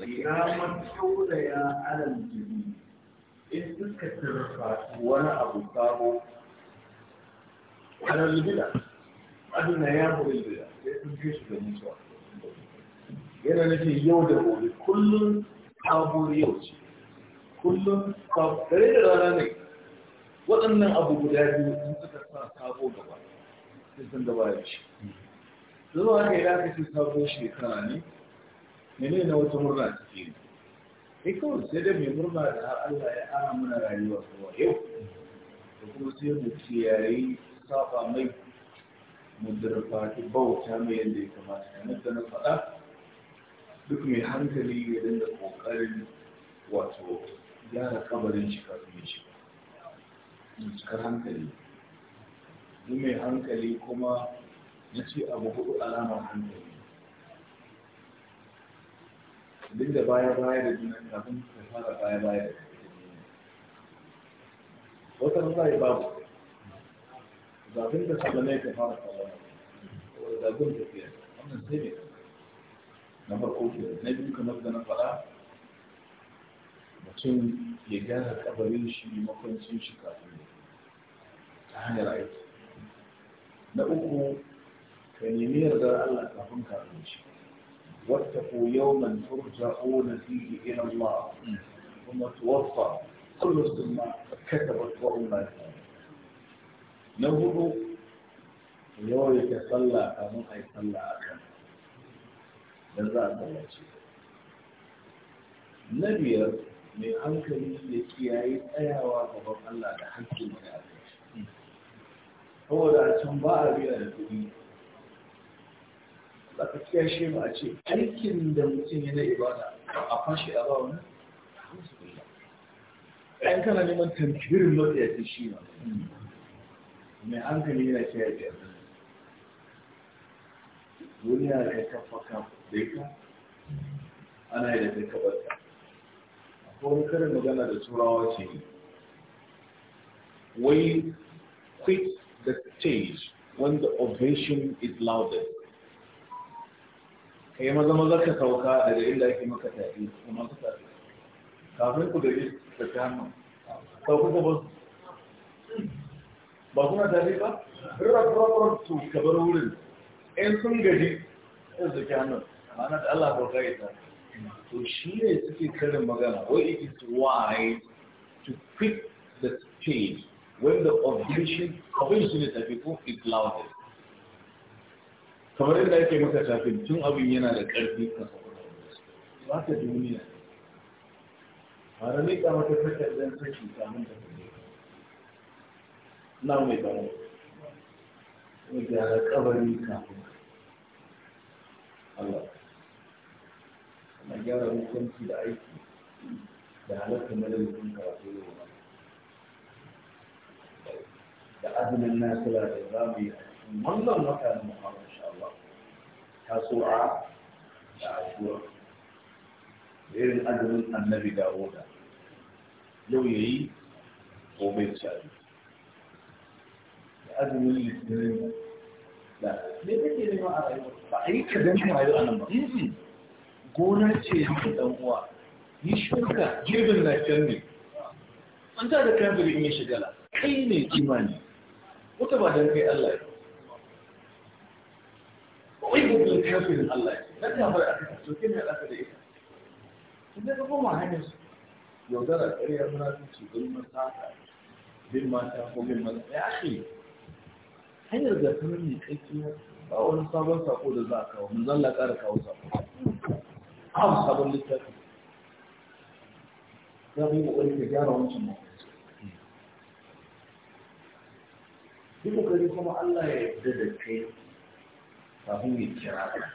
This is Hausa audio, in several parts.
إذا مكتوب يا على الجديد إن تلك الترفات ولا أبو كابو على البدع أدنى يا أبو البدع يتمكيش بالنسبة yana nufin yau da gobe kullum sabuwar yau ce kullum kare da rana ne waɗannan abu guda biyu sun suka sa sabo gaba sai sun gaba ya ce zuwa ga idan aka ce sabon shekara ne mene na wata murna ciki ne e kawai sai da mai murna da har Allah ya ana muna rayuwa kuma yau da kuma sai mu ce yayi saba mai mu bauta mai yadda ya kamata kamar da na faɗa duk mai hankali ya dinga ƙoƙarin wato gyara kabarin shi kafin ya shiga cikar hankali mai hankali kuma ya ce abu hudu alamar hankali duk da baya baya da juna kafin ka fara baya baya da wata rasa ya babu zafin da sallame ka fara sallama saboda zagon tafiya wannan sai ne na farko ke na biyu kamar da na faɗa mutum ya gyara kabarin shi makwancin shi kafin ta hanyar aiki na uku ka nemi yardar Allah kafin ka ko yau shi wattaqu yawman na fihi irin Allah kuma tuwaffa kullu sunna ba wa ummat na hudu yawaita sallah kafin a yi sallah a kan dan za a sallace na biyar mai hankali da kiyaye tsayawa gaban Allah da hakkin da aka saboda a can ba a biya da kuɗi ba fix shi a ce aikin da mutum ibada a a wani ɗan kana neman shi mai hankali yana ce ya duniya da ya kafa ka ana yi da karin magana da turawa ce wai the stage when the ovation is loudest ka yi maza maza ka sauka daga inda ake maka tafi da masu tafi kafin ku da yi ta hannu sauku ka basu ba kuna tafi ba rarrabar su ka bar wurin in sun gaji in su hannu ma'ana da Allah ba ka ta to shi ne suke karin magana why it is wise to quit the stage when the obligation is tafi ko is loudest kamar yadda ake maka tafin tun abin yana da ƙarfi ka ba ta duniya ba da miƙa mata takardar saki samun da kuɗi na mai bane mai gyara kabari kafin Allah na gyara hukunci da aiki da halatta madalikin karatu yau da azumin nasila da za mu yi a wannan wata na Muhammad insha ta tasu'a da ashura da irin azumin annabi Dawuda yau ya yi gobe ya ci da azumin litinin da me kake nema a rayuwa ba a yi ka ganin rayuwa nan ba mm-hmm. gona ce yanzu dan uwa yi shuka girbin lafiyar ne an ta da kafirin ya shigala kai ne kimani wata ba don kai Allah ya ويجب الحفظ الله لا تهرب أكثر سوكين الأكثر إيه إذا تقوم عن يودر الأريا منافسي ظلم الساعة بالما تأخذ بالما يا أخي hanyar da ta nuni kaikiya ba wani sabon sako da za a kawo mun zalla ƙara kawo sako an sabon littafi za mu yi ƙoƙari ka gyara wancan ma duk ƙoƙari kuma Allah ya yarda da kai kafin ya kira ka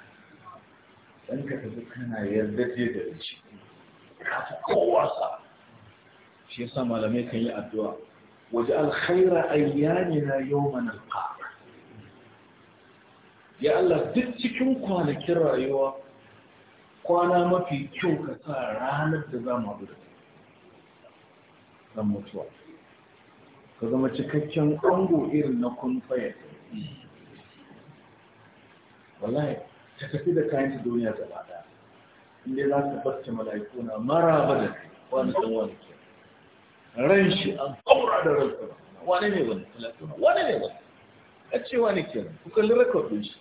ka tafi kana yarda ce da shi ka fi kowa sa shi yasa malamai kan yi addu'a waje alkhaira na yawman alqa ya Allah duk cikin kwanakin rayuwa kwana mafi kyau ka sa ranar da za mu haɗu da Zan mutuwa ka zama cikakken ango irin na kun wallahi ta tafi da kayan ta duniya gaba ɗaya inda za ta barci mala'iku na mara ba da kai wani san wani ke ran shi an kaura da ransa wani ne wani talatin wani ne wani a ce wani ke ku kalli rakon ɗin shi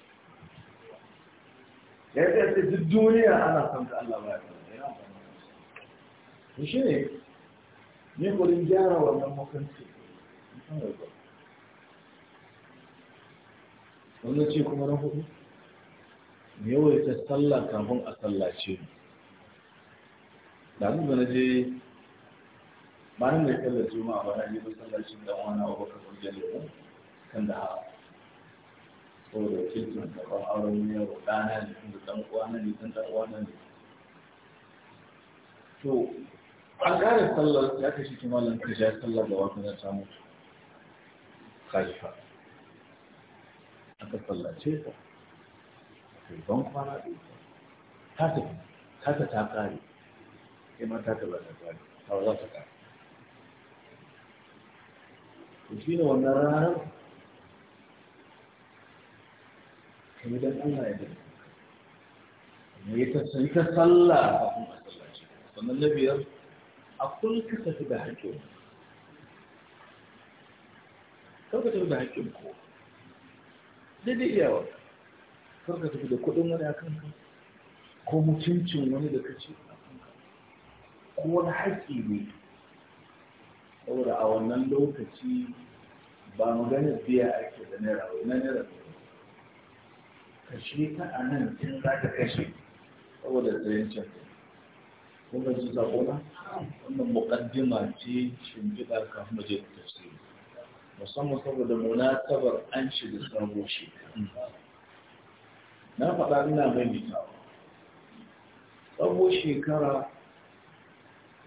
ya ce ce duk duniya ana son ka Allah ba ya kalla ya shi ne ne gudun gyara wannan makanci wannan ce kuma na hudu yawaita sallah kafin a sallace da zuba na je bayan da ya kallar juma'a ba na je masallacin da wani abu ka kuma jale kan da hawa saboda wakilcin karɓar auren ne yau ɗana ne da ɗan uwana ne ɗan ɗan uwana ne to an ƙara sallar ya ka shi kuma lan ka ja sallar da wata na samu khalifa aka sallace ka kai ban kwana da ita ta tafi ta ta ta kare kai ma ta ta ba ta kare ta za ta kare to shi ne wannan ranar kai dan Allah ya dinga ne ya tasayi ta sallah a kun masallaci sannan na biyar a kun ka tafi da hakkin kar ka tafi da hakkin ko daidai iyawarka kar ka tafi da kuɗin wani a kanka ko mutuncin wani da kace ko wani haƙƙi ne saboda a wannan lokaci ba maganar biya ake da naira wai na naira kashe ta a nan tun za ka kashe saboda tsayin kuma ji ga su sakona wannan muƙaddima ce shimfiɗa kafin mu je tafsiri musamman saboda munatabar an shiga sabo shekaru. na faɗa ina maimaitawa tsawon shekara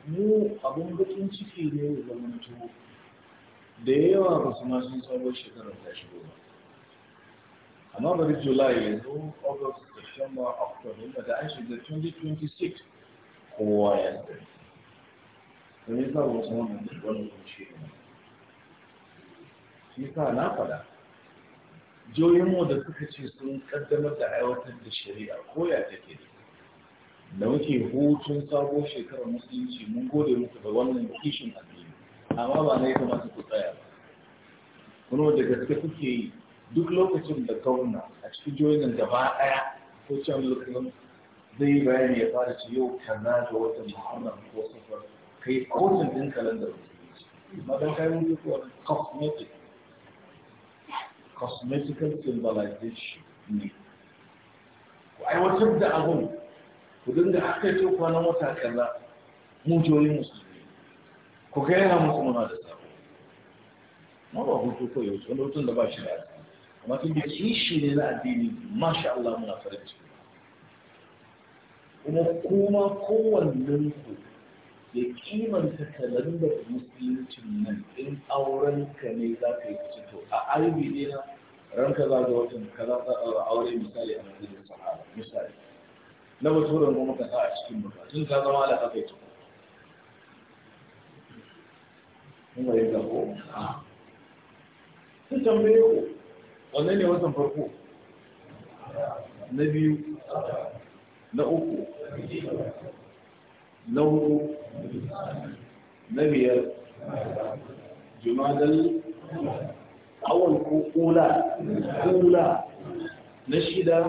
mu abin bakin ciki ne da zamantu da yawa ba su ma sun tsawon shekara ta shigo ba amma bari july yanzu august september october da an shiga 2026 kowa ya zai da ne sa wasu wannan da wani kuma shi ne shi sa na faɗa mu da suka ce sun kaddamar da aiwatar da shari'a koya take da muke hutun sabo shekarar musulunci mun gode muku da wannan kishin addini amma ba na yi kama ku tsaya ba kuma da gaske kuke yi duk lokacin da kauna a cikin jiyoyin gaba ɗaya ko can lokacin zai yi bayani ya fara ce yau kana da watan muhammad ko safar kai kotun ɗin kalandar musulunci madan kayan mutuwa cosmetic cosmetical civilization ne ku aiwatar da abun ku dinga aka ce kwanan wata kaza mujoyin musulmi ku yana musu muna da sabo ma ba hutu ko yau wani hutun da ba shi da addini amma tun da kishi ne na addini masha Allah muna farin ciki kuma kuma kowannen ku ya kimanta kalandar musuluncin nan in auren ka ne za ka yi kace to a arbi ne na ranka za ga watan ka za ka ɗaura aure misali a madadin sahara misali na baturan kuma ka sa a cikin bukatun ka zama da haka ita kuma ya gabo sun tambaye ku wanne ne watan farko na biyu na uku na hudu نبي جماد أول أولى أولى نشيدة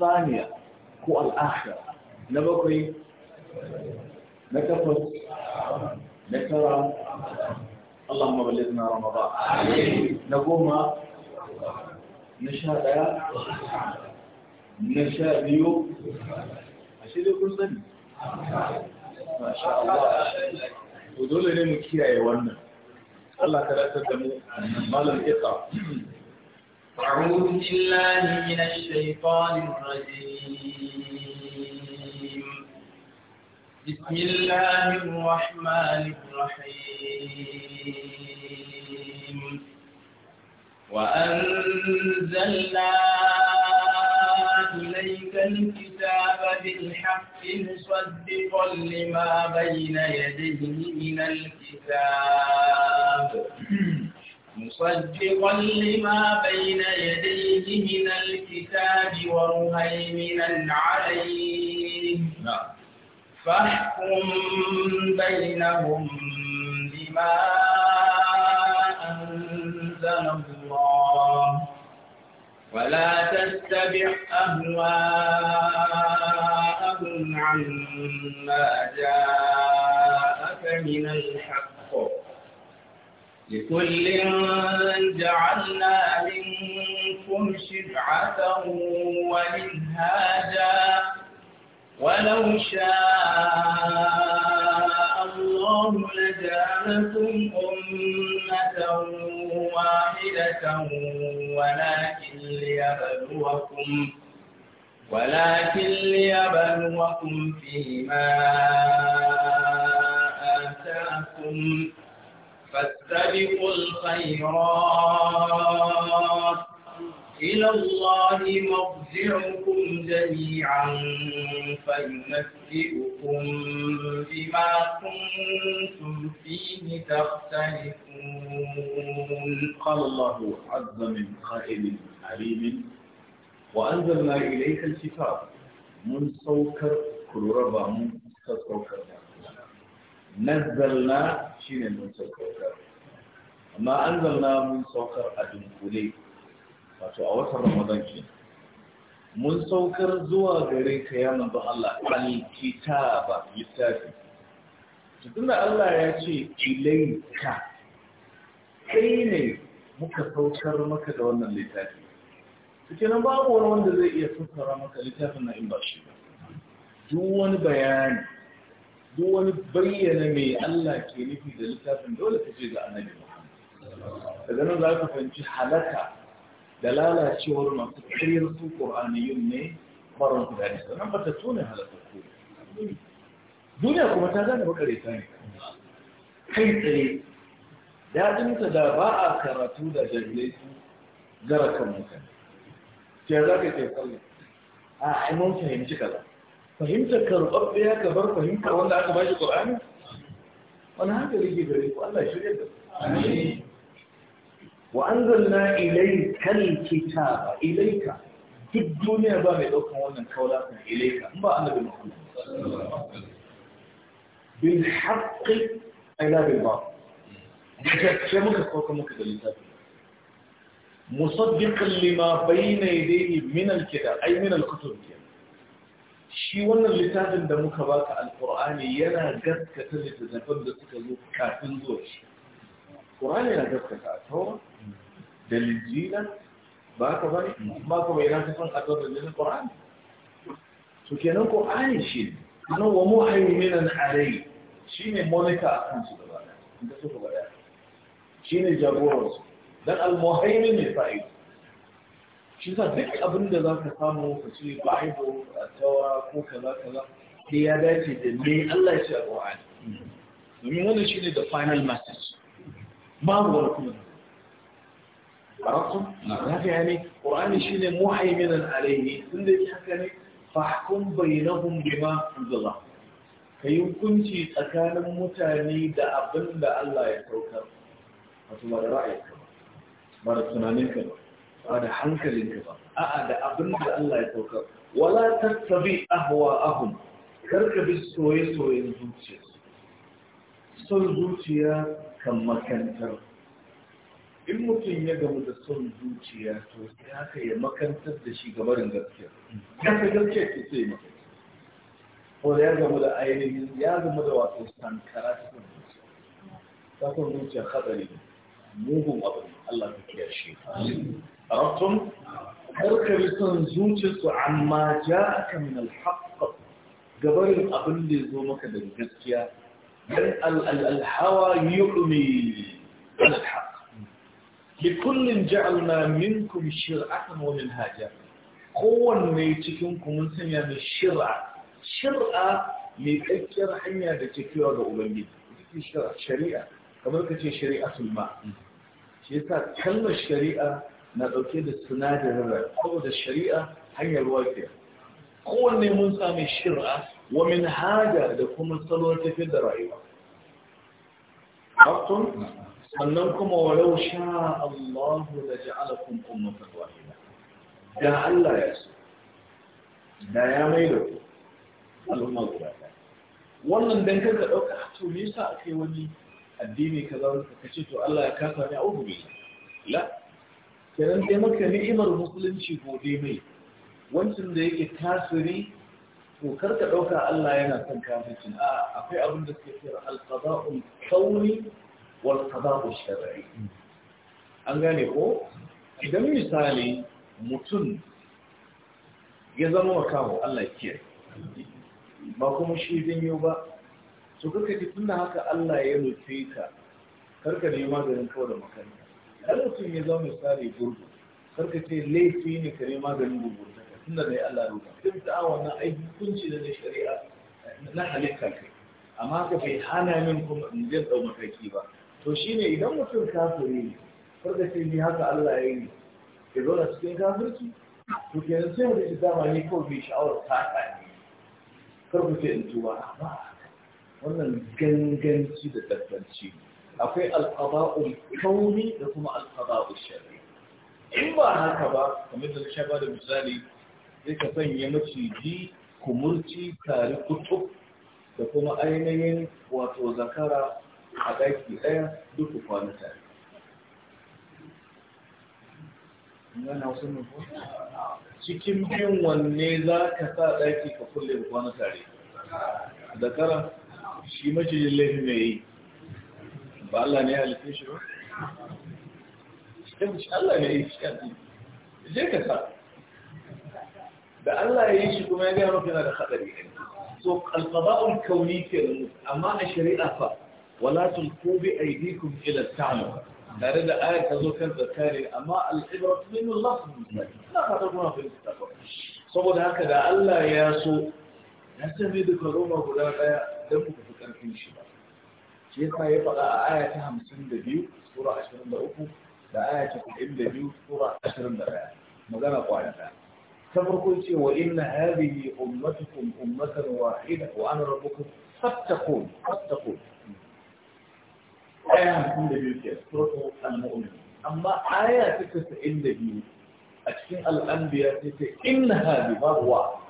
ثانية كو الآخر نبقي نكفر نكرى اللهم بلغنا رمضان نقوم نشهد نشهد يوم أشهد يكون سنة masha Allah to dole ne mu kiyaye wannan Allah ka dace da mu malam iqa أعوذ بالله من الشيطان الرجيم بسم الله الرحمن الرحيم وأنزلنا إليك الكتاب الكتاب بالحق مصدقا لما بين يديه من الكتاب مصدقا لما بين يديه من الكتاب ومهيمنا عليه نعم. فاحكم بينهم بما أنزل الله ولا تتبع أهواءهم عما جاءك من الحق لكل جعلنا منكم شرعة ومنهاجا ولو شاء الله لجعلكم أمة واحدة ولكن ليبلوكم ولكن ليبلوكم فيما آتاكم فاستبقوا الخيرات إلى الله مرجعكم جميعا فينبئكم بما كنتم فيه تختلفون قال الله عز من قائل عليم وأنزلنا إليك الكتاب من سوكر كل ربا من سوكر نزلنا شين من سوكر ما أنزلنا من سوكر أدنكوليه wato a watan ramadan ke mun saukar zuwa gare ka ya manzo Allah kitaba littafi tunda Allah ya ce ilaika kai ne muka saukar maka da wannan littafi cikin na babu wani wanda zai iya saukara maka littafin na in ba shi ba duk wani bayani duk wani bayyana mai Allah ke nufi da littafin dole ta ce ga annabi Muhammad daga nan za ka fahimci halaka da lalacewar masu kiryar su ƙur'aniyun ne marar guda ne sannan ba ta tone halatattu duniya kuma ta gane makarita ne kai tsaye daɗinta da ba a karatu da jami'ai gara kan mutane ke za ka ke tsalle a aimun fahimci kaza fahimta karɓaɓɓe ya ka bar fahimta wanda aka ba shi ƙur'ani wani hankali ke gare ku allah shirya da وأنزلنا إليك الكتاب إليك في الدنيا بام يدوكم وانا كولاتنا إليك ما أنا بمحمد بالحق أي لا بالباطل شمك أخوك مكد الكتاب مصدقا لما بين يديه من الكتاب أي من الكتب shi wannan littafin da muka القرآن يلا yana كتلت littattafan da suka zo kafin zuwa shi ƙur'ani yana gaskata da linjila ba ka bane ba ka bai ranta kan akwai da qur'ani to kenan qur'ani shi ana wa muhaiminan Shi ne monika a kan su gaba in ka so gaba shine jagoran su dan al-muhaimin ne fa'id shi sa duk abin da za ka samu ka ce bible tawa ko kaza kaza sai ya dace da me Allah ya ce a qur'ani domin wannan ne the final message babu wani kuma Na fiye shi ne عرفتم؟ يعني القرآن شيء محيمنا عليه كل حكم فاحكم بينهم بما أنزل Ka yi hukunci tsakanin mutane da abin da Allah ya saukar wato ba da ra'ayinka ba ba da tunaninka ba ba da hankalinka ba a'a da abin da Allah ya saukar wala tattabi ahwa'ahum karka bi soye-soyen zuciya son zuciya kan makantar in mutum ya gamu da son zuciya to sai haka ya makantar da shi gabarin gaskiya ya fi gaskiya ke sai maka ko ya gamu da ainihin ya gamu da wato sankara ta son zuciya ta son zuciya hadari mugun abu Allah ta kiyaye shi a rattun karkari son zuciya su amma ja aka min alhaƙa gabarin abin da ya zo maka da gaskiya dan al-hawa yu'mi al-haqq likullin ja'alna minkum shir'atan wa minhaja kowanne cikinku ku mun sanya mai shir'a shir'a mai kakkiyar hanya da tafiya ga ubangiji ita shari'a kamar ka ce shari'atul ma shi yasa kalmar shari'a na ɗauke da sinadarin rai saboda shari'a hanyar wafiya kowanne mun sami shir'a wa minhaja da kuma salon tafiyar da rayuwa sannan kuma wa walau sha Allah da ja'alakum ummatan wahida da Allah ya so da ya mai da ku al'umma guda ɗaya wannan dan kanka ɗauka to me yasa akai wani addini ka kaza wanda kace to Allah ya kasa ni a billahi la kenan dai maka ni'imar musulunci gobe mai wancan da yake tasiri to karka ɗauka Allah yana son kafircin a akwai abin da suke cewa al-qada'ul kauni wal qada'u shar'i an gane ko idan misali mutum ya zama wa kawo Allah ke ba kuma shi janyo ba to kaka ji tunda haka Allah ya rufe ka karka ne maganin kawo da makaranta har mutum ya zama misali gurgu karka ce laifi ne ka ne maganin gurgu tunda da ya Allah ruka duk da wannan ai hukunci da na shari'a na halitta kai amma ka bai hana min kuma in je dau mataki ba to shine idan mutum kafiri ne farka ce ni haka Allah ya yi ke zo na cikin kafirci to ke nan sai mutum dama ne ko bai sha'awar sata ne kar ku ce in tuba amma wannan ganganci da tabbanci akwai alqaba'ul kauni da kuma alqaba'ul shar'i in ba haka ba kamar da sha ba da misali sai ka sanya maciji kumurci tare kutub da kuma ainihin wato zakara a daki ɗaya duk ku kwana tare cikin biyun wanne za ka sa ɗaki ka kulle ku kwana tare da kara shi macijin laifi mai yi ba Allah ne ya halitta shi ba Allah ne ya yi shi je ka sa da Allah ya yi shi kuma ya gaya mafi na da haɗari so alfaba'ul kauni ke amma a shari'a fa ولا تلقوا بأيديكم إلى التعلم هذا آية تزول كنت ذكاري أما العبرة من الله لا تقولون في المستقبل. صبر هكذا ألا ياسو نسمي ذكر أمر ولا دمك في كنفين الشباب. شيخنا يبقى آية هم سند بيو سورة عشرين بأوكو لآية تقول إبن بيو سورة عشرين بأوكو مغانا قوانا سفر قلت وإن هذه أمتكم أمة واحدة وأنا ربكم قد قد فاتقون aya hamsin da biyu ke surkan mu'min amma aya ta casa'in da biyu a cikin al'ambiya ta ce inna hadi babu wa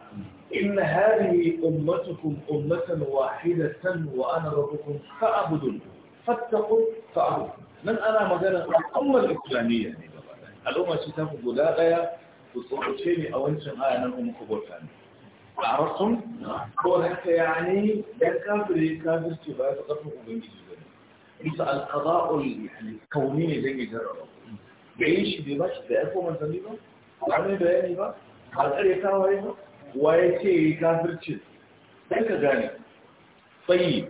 inna hadi ummatukum ummatan wahidatan wa ana rabbukum fa'budun fattaqu fa'budun nan ana magana al'ummar islamiyya ne al'umma ce ta ku guda daya ku tsokace ni a wancan aya nan kuma ku bauta ni ba rasun ko ranka yani dan kafire kafirci ba su kafin ubangiji يبقى القضاء يعني الكوني زي جرى بيعيش بيبقى بيقفوا من زميله وعمل بياني بقى على الأرية تاوى عليها كافر تشد ذلك غاني طيب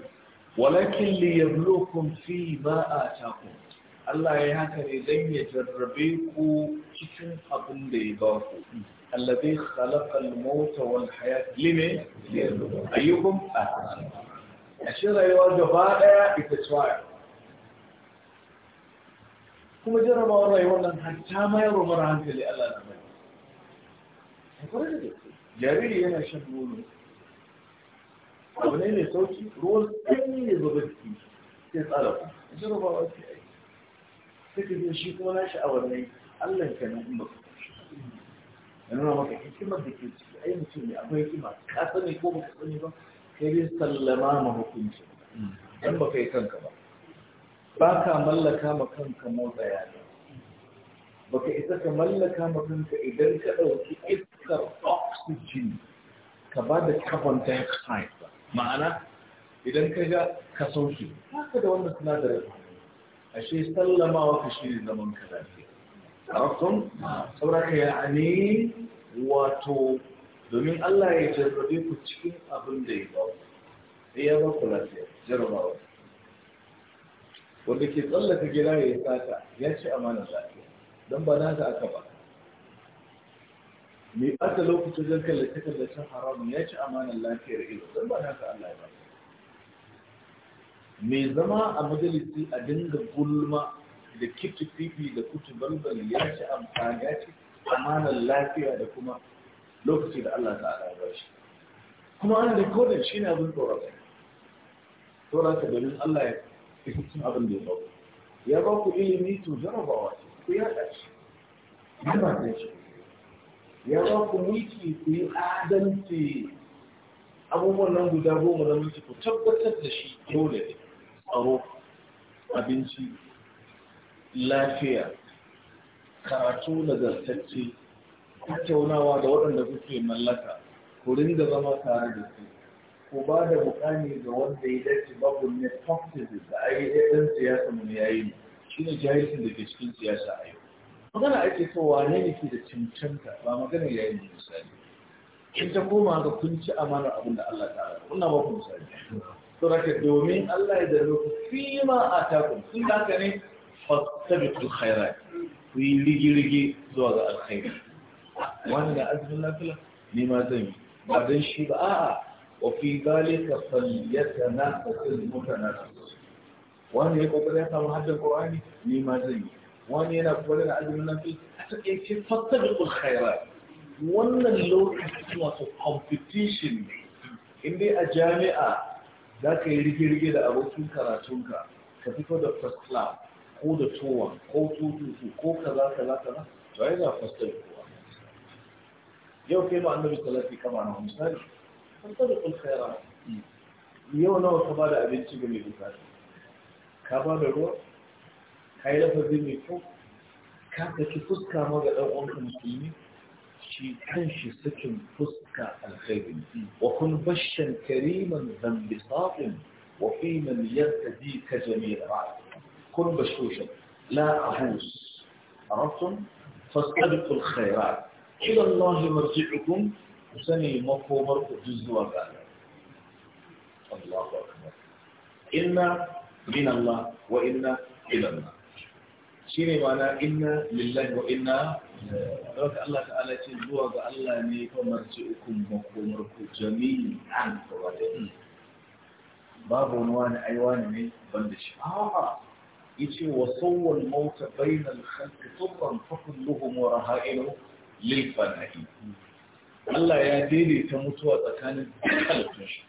ولكن ليبلوكم في ما آتاكم الله يهاتني زي جربيكو شكرا قبل ليباكو الذي خلق الموت والحياة لمن؟ أيكم أهل أشير أيها الجفاء إتسوائي kuma jarrabawar rayuwar nan hatta mayar wa mara hankali Allah na mai hakurai da gaske jariri yana shan nono abu ne mai sauki ruwan sanyi ne zuba jiki sai tsara ku jarrabawa ce ai suka biyo shi kuma na sha'awar ne Allah ka na kuma ya nuna maka hikimar da ke ciki ai mutum ne akwai hikima ka sani ko baka sani ba sai dai sallama ma hukunci dan baka yi kanka ba ba ka mallaka ma kanka mawaya ba ka isa ka mallaka ma kanka idan ka ɗauki iskar oxygen ka ba da carbon dioxide ba ma'ana idan ka ga ka sauke ka da wannan sinadarin ashe sallamawa ka shi ne zaman ka lafiya sauraka ya ne wato domin Allah ya jarrabe ku cikin abin da ya ba ku ya ba ku lafiya jarrabawa wanda ke tsallaka gida ya yi sata ya ci amanar lafiya don ba na ta aka ba mai ɓata lokacin zan da kallacen haramun ya ci amanar lafiyar ilo don ba na ta Allah ya ba mai zama a majalisi a dinga gulma da kitu fifi da kutu balbal ya ci amfani ya ci amanar lafiya da kuma lokaci da Allah ta ala ya shi kuma ana rikodin shi ne abin tsoron tsoron ka domin Allah ya cikin abin da ya baku ya baku ilimi to jarabawa ce ku yaɗa shi yana da shi ya ba ku mulki ku yi adalci abubuwan nan guda goma na mulki ku tabbatar da shi dole ne tsaro abinci lafiya karatu na nagartacce tattaunawa da waɗanda kuke mallaka ku ringa zama tare da su ku ba da mukami ga wanda ya dace babu ne toxicity da ai ɗan siyasa mu ya yi shi ne jahilcin da ke cikin siyasa a yau magana ake so wane ne ke da cancanta ba magana ya yi misali in ta koma ga kun ci amana abin da Allah ta ala kuna ba ku misali to da domin Allah ya dalo ku fi ma a takun sun da haka ne fasabitul khairat ku yi rigi zuwa ga alkhairi wanda azumin lafiya ne ma zan yi ba don shi ba a'a وفي ذلك فليتنافس المتنافسون wani ya kokari ya samu haddin qur'ani ni ma zan yi wani yana kokari da azumin nafi a takaice fattabiqul wannan lokacin wato competition in dai a jami'a za ka yi rige-rige da abokin karatunka ka fito da first class ko da towa ko tututu ko kaza kaza to ai na first class yau kai ma annabi sallallahu alaihi wasallam misali تنطبق الخيرات يونا وخبال أبيت شبني بفاته كبار الروح حيلة فزيني فوق كانت تفسك ماذا أو أنت مسلمي شي تنشي سكن فسك الخير وكن بشا كريما ذا انبساط وفي يرتدي كجميل رعد كن بشوشا لا أهوس عرفتم فاستبقوا الخيرات إلى الله مرجعكم ku sani makomar ku duk zuwa ga Allah inna min Allah wa inna ila Allah ne ma'ana inna lillahi wa inna Dauka Allah ta'ala ce zuwa ga Allah ne kamar ce ukun makomar ku jami'an gaba da babu wani wani aiwa ne ne ban da shi a'a yace wa sawwal mauta bainal khalqi tubban fa kulluhum wa raha'inu lil fana'i Allah ya daidaita mutuwa tsakanin halittun shi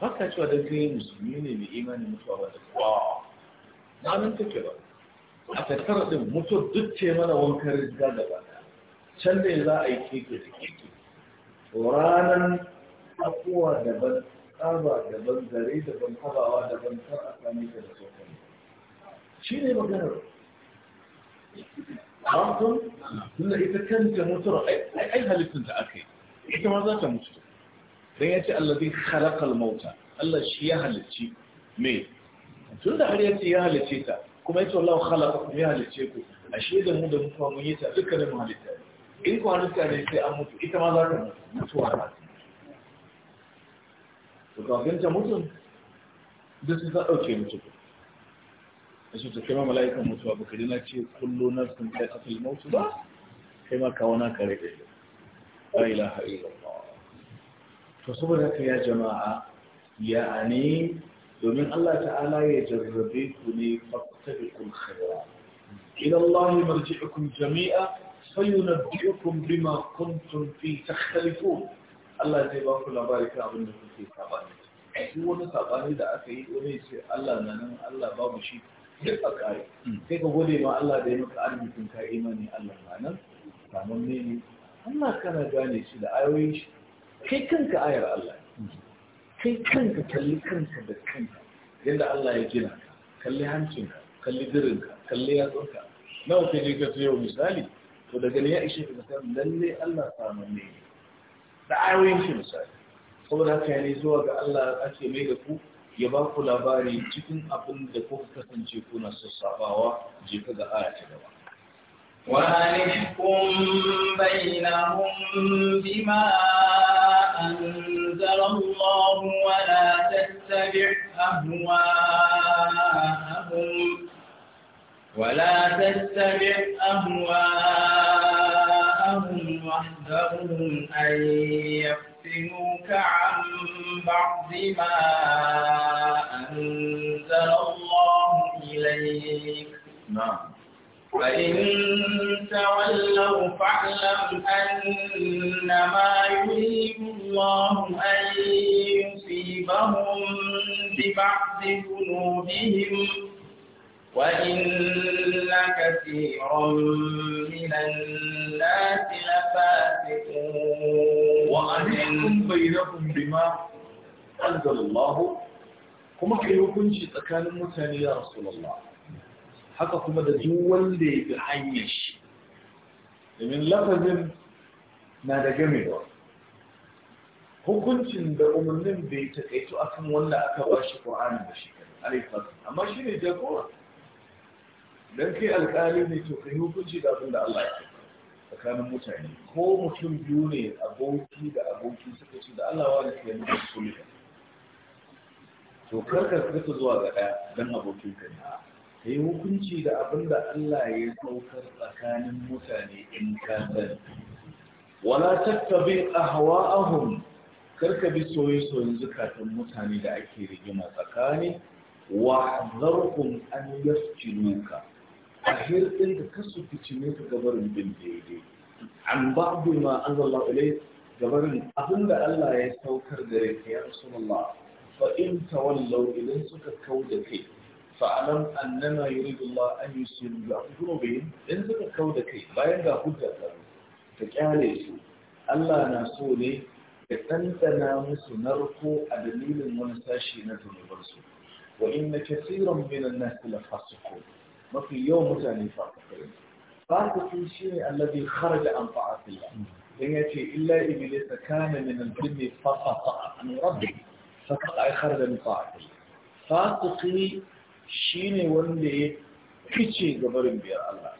haka cewa da kai musulmi ne mai imanin mutuwa ba ta kowa na nan take ba a tattara ɗin, mutuwa duk ce mana wankar riga da ba can ne za a yi keke da keke ranar afuwa daban tsaba daban zare daban habawa daban kar a sami da sauran shi ne maganar fahimtun tunda ita kanta mutuwa ai halittun da aka yi ita ma za ta mutu don ya ce allazi halakal mauta Allah shi ya halicci me tun da har ya ce ya halicce ta kuma ya ce Allah halaka kuma ya halicce ku a da mu da mutuwa mun yi ta dukkanin mu halitta ne in ku halitta ne sai an mutu ita ma za ta mutu mutuwa ta to kafin ta mutu duk sun sa ɗauke mutu ka ta ma mala'ikan mutuwa baka ji na ce kullu nafsin ta ba kai ma kawo na kare da la ilaha illallah to saboda haka ya jama'a ya'ani domin Allah ta'ala ya jarrabe ku ne fastabiqul khairat ila Allah marji'ukum jami'a fayunabbi'ukum bima tun fi takhtalifun Allah zai ba ku labari kan abin da kuke sabani duk wani sabani da aka yi wani ce Allah na nan Allah babu shi duk a kare hmm. sai ka gode ma Allah da ya maka arzikin ka imani Allah ranar samun ne Allah kana gane shi da ayoyin shi kai kanka ayar Allah hmm. kai kanka kalli kanka da kanka yadda Allah ya gina ka kalli hancinka kalli dirinka kalli yatsunka nawa kai ne ka fi yau misali to daga ne ya ishe ka san lalle Allah samun ne da ayoyin shi misali saboda haka ya ne zuwa ga Allah ake mai da ku ya ba ku labari cikin abin da kuka kasance kuna sassabawa je ga aya ta gaba وأنحكم بينهم بما أنزل الله ولا تتبع أهواءهم ولا تتبع أهواءهم ربهم أن يفتنوك عن بعض ما أنزل الله إليك نعم فإن تولوا فاعلم أنما يريد الله أن يصيبهم ببعض ذنوبهم وإن كثيرا من الناس لفاسقون وأنحكم بينكم بما أنزل الله kuma ka yi hukunci tsakanin mutane ya rasulallah haka kuma da duk wanda ya bi hanyar shi domin lafazin na da gamewa hukuncin da umarnin bai taƙaito akan wanda aka ba shi ƙwa'anin da shi amma shi ne jagora dan kai alƙali ne to kai hukunci da abin da Allah ya ce tsakanin mutane ko mutum biyu ne aboki da aboki suka ce da Allah wani ke yin sulhu to karka fita zuwa ga daya dan abokin ka ne ka yi hukunci da abin da Allah ya saukar tsakanin mutane in ka san wala tattabi ahwa'ahum karka bi soyayyen zukatan mutane da ake rigima tsakani wa zarqum an yasjiluka a hirɗin da kasu ficine ka gabarin bin daidai an babu ma an zalla ilai gabarin abinda Allah ya saukar da rai ya rasulullah fa idan suka kau da kai fa alam annama yuridu Allah an yusiru bi dhunubihim suka kau da kai bayan ga hujja ta ta kyale su Allah na so ne ya ɗanɗana musu narko a dalilin wani sashi na zunubansu wa inna kaseeran minan nas la fasiqun mafi yawan mutane fa fasikin shi ne allazi kharaja an fa'atilla dan yace illa iblis kana min al-jinni fa fa'a an rabbi fa ni kharaja min fa'atilla fasiki shine wanda ya fice gabarin biyar Allah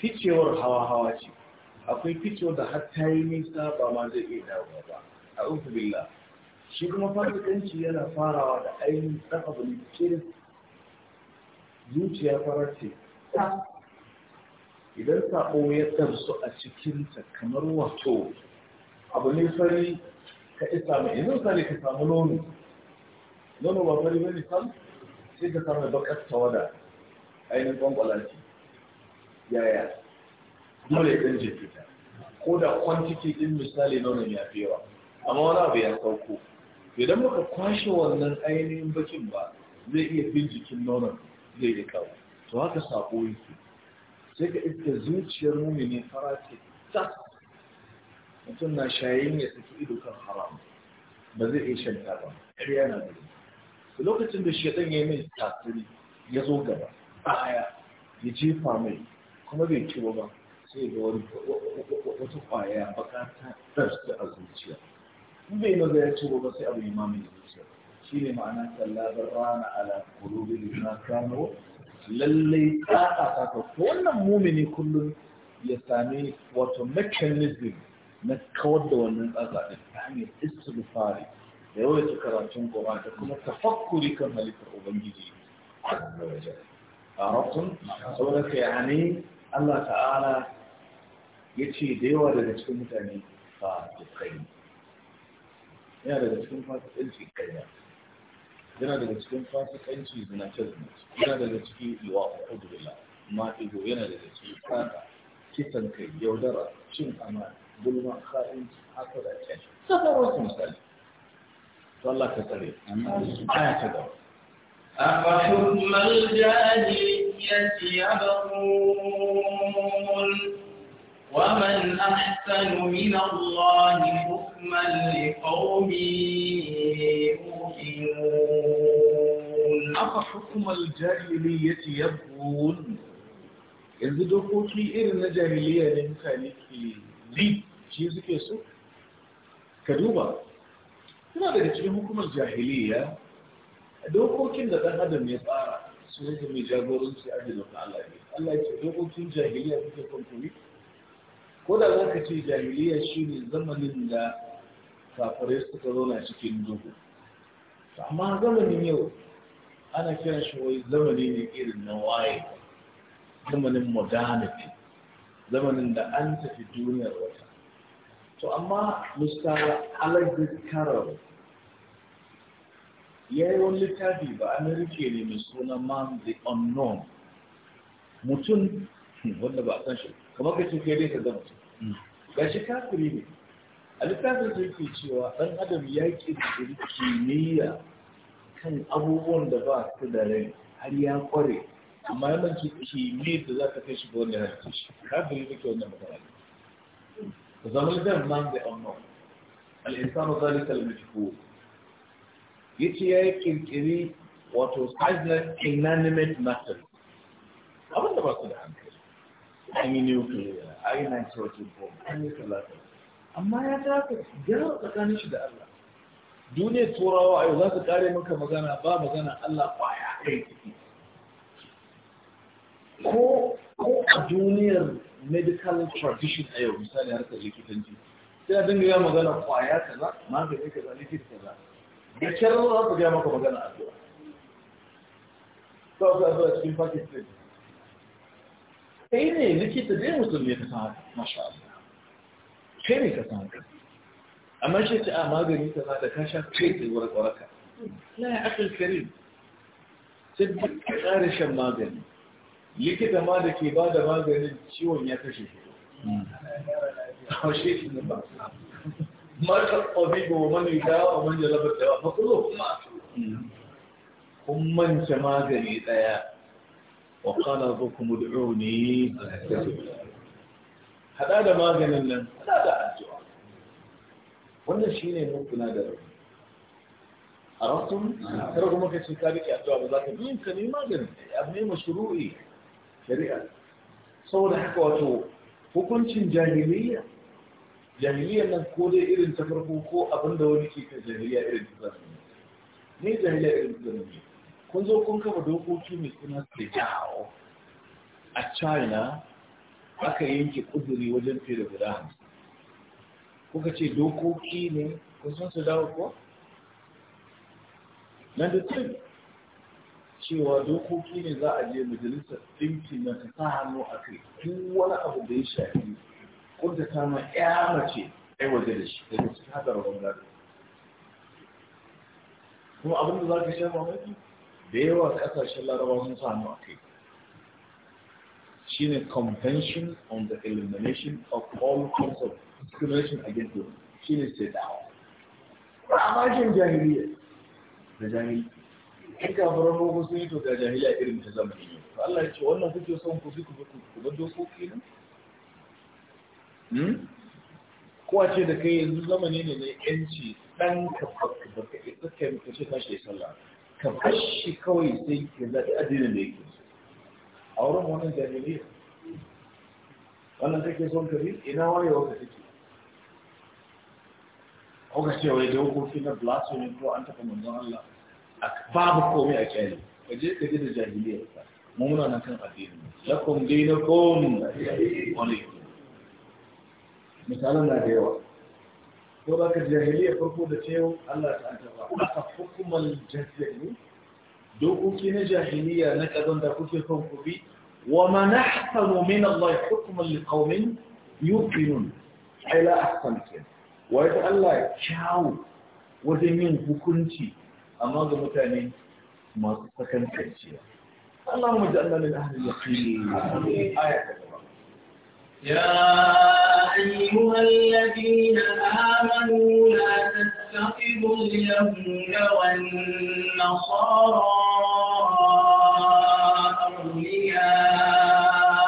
ficewar hawa hawa ce akwai ficewar da har ta yi nisa ba ma zai iya dawo ba a billah shi kuma fasikanci yana farawa da ainihin tsaka bulin zuciya farar ce idan sabo ya tarsu a cikinta kamar wato abu ne fari ka isa mai yanzu sare ka samu nono nono ba fari bane sam sai ka samu bakar tawada ainihin kwankwalaci yaya dole ya ɗan ta. ko da kwantiki din misali nonon ya fi yawa amma wani abu ya sauko idan muka kwashe wannan ainihin bakin ba zai iya bin jikin nonon zai yi kawo to haka sako yake sai ka iska zuciyar mumini fara ce ta. mutum na shayin ya saki ido kan haram ba zai iya shan ba ƙarya na gudu lokacin da shaidan ya yi mai tasiri ya zo gaba haya, ya jefa mai kuma bai kiwa ba sai ga wata kwaya bakata ta a zuciya in bai maza ya ciwo ba sai abu mamaye zuciya shine ma'ana sallabar rana ala qulubi bima kanu lalle ta'a saka wannan mumini kullum ya sami wato mechanism na kawar da wannan tsatsa din ta hanyar istighfari da yawaita karatun Qur'ani da kuma tafakkuri kan halittar Ubangiji azza wa jalla arabtum saboda yani Allah ta'ala yace da yawa daga cikin mutane fasikai yana daga cikin fasikai kai yana daga cikin fasikanci zina ce yana daga cikin iwa a ƙudurila ma ma'igo yana daga cikin kaka kitan kai yaudara cin amana gulma ka'inci haka da kyan sakar wasu misali to Allah ka tsare aya ta gaba أفحكم الجاهلية يبغون ومن أحسن من الله حكما لقوم يوقنون أفحكم الجاهلية يبغون yanzu dokoki irin na jahiliya ne mutane ke bi shi suke so ka duba suna daga cikin hukumar jahiliya dokokin da ɗan adam ya tsara su ne mai jagoranci a jinin Allah ne Allah ya ce dokokin jahiliya suke kwantoni ko da za ka ce jahiliya shine zamanin da kafirai suka zauna cikin dokoki amma zamanin yau ana kiran shi wai zamani ne irin na waye zamanin modernity zamanin da an tafi duniyar wata to amma mr alexis carroll ya yi wani littafi ba rike ne mai suna man the unknown mutum hmm, wanda ba a san shi kamar ka ce ke dai ka zama ya hmm. shi kafiri ne a littafin sun ke cewa ɗan adam ya ƙirƙiri kimiyya kan abubuwan da ba su da rai har ya ƙware amma yana manci kimiyya da za ka kai shi ga wanda ya halitta shi kafin da ke wannan magana ku zama zan man da amma al'insanu zalika al ya ce ya yi ƙirƙiri wato silent inanimate matter abin da ba su da hankali an yi nukiliya a yi 1914 an yi talatin amma ya ta gara tsakanin shi da Allah duniyar turawa a yau za su kare maka magana ba magana Allah kwaya kai ciki ko ko a duniyar medical tradition a yau misali harkar likitanci sai a dinga ya magana kwaya kaza magani kaza likita kaza da kyar za su gaya maka magana addu'a za su addu'a cikin pakistan kai ne likita dai musulmi ta sa masha Allah kai ne ka san haka amma shi ce a magani kaza da ka sha kai tsaye warka la ya akal karim sai duk tsara shan magani likita ma da ke ba da maganin ciwon ya kashe shi haushe shi ne ba mata ƙwabi ba wa mani dawa a manja labar dawa ba kullum kuma kun manta magani ɗaya wa ƙana zo kuma da'o ne hada da maganin nan hada da addu'a wannan shine mun kula da rauni arabtum kada kuma kace ka rike addu'a ba za ka yin ka ne maganin abu ne mashru'i shari'a saboda haka wato hukuncin jahiliyya jahiliyyar nan ko dai irin ta farko ko abin da wani ke ta jahiliyya irin ta zafi ne jahiliyya irin ta zafi kun zo kun kafa dokoki mai suna da jawo a china aka yanke kuduri wajen fiye da guda hamsin kuka ce dokoki ne kusan su dawo ko? na da tun cewa dokoki ne za a je majalisar ɗinkin na ta sa hannu a kai duk wani abu da ya shafi kunta ta ma ya mace ai waje da shi daga cikin haka wanda da kuma abin da za ka shafa mafi da yawa kasashen larabawa sun sa hannu a kai shine convention on the elimination of all forms of discrimination against women shine sai da a bakin jahiliya da jahiliya in kafaran rogo sun yi to ga jahiliya irin ta zamani ne Allah ya ce wannan kuke son ku ku ku bar dokoki ne hmm? ko a ce da kai yanzu zamani ne na yanci kafa ka baka baka ka ce tashi sallah ka bashi kawai sai ka zaɓi addinin da yake so a wurin wannan jahiliya wannan take son kari ina wayewa ka take ko ka ce wai dokoki na blasphemy ko an taɓa manzon Allah babu komai a kyale ka je ka ji da jahiliya ka mu muna nan kan addini lakum dinakum walaikum misalan na da yawa ko ba ka ko farko da ce Allah ta antaba aka hukumar jahiliya dokoki na jahiliya na kadan da kuke kan kubi wa mana hasanu min Allah ya hukumar liƙaunin yukinun aila ahsantin wa ya Allah ya kyawu wajen yin hukunci amma ga mutane masu sakan kanciya Allah mu ji Allah min ahalin yaƙini aya ta gaba يا أيها الذين آمنوا لا يتخذ اليهود والنصارى أولياء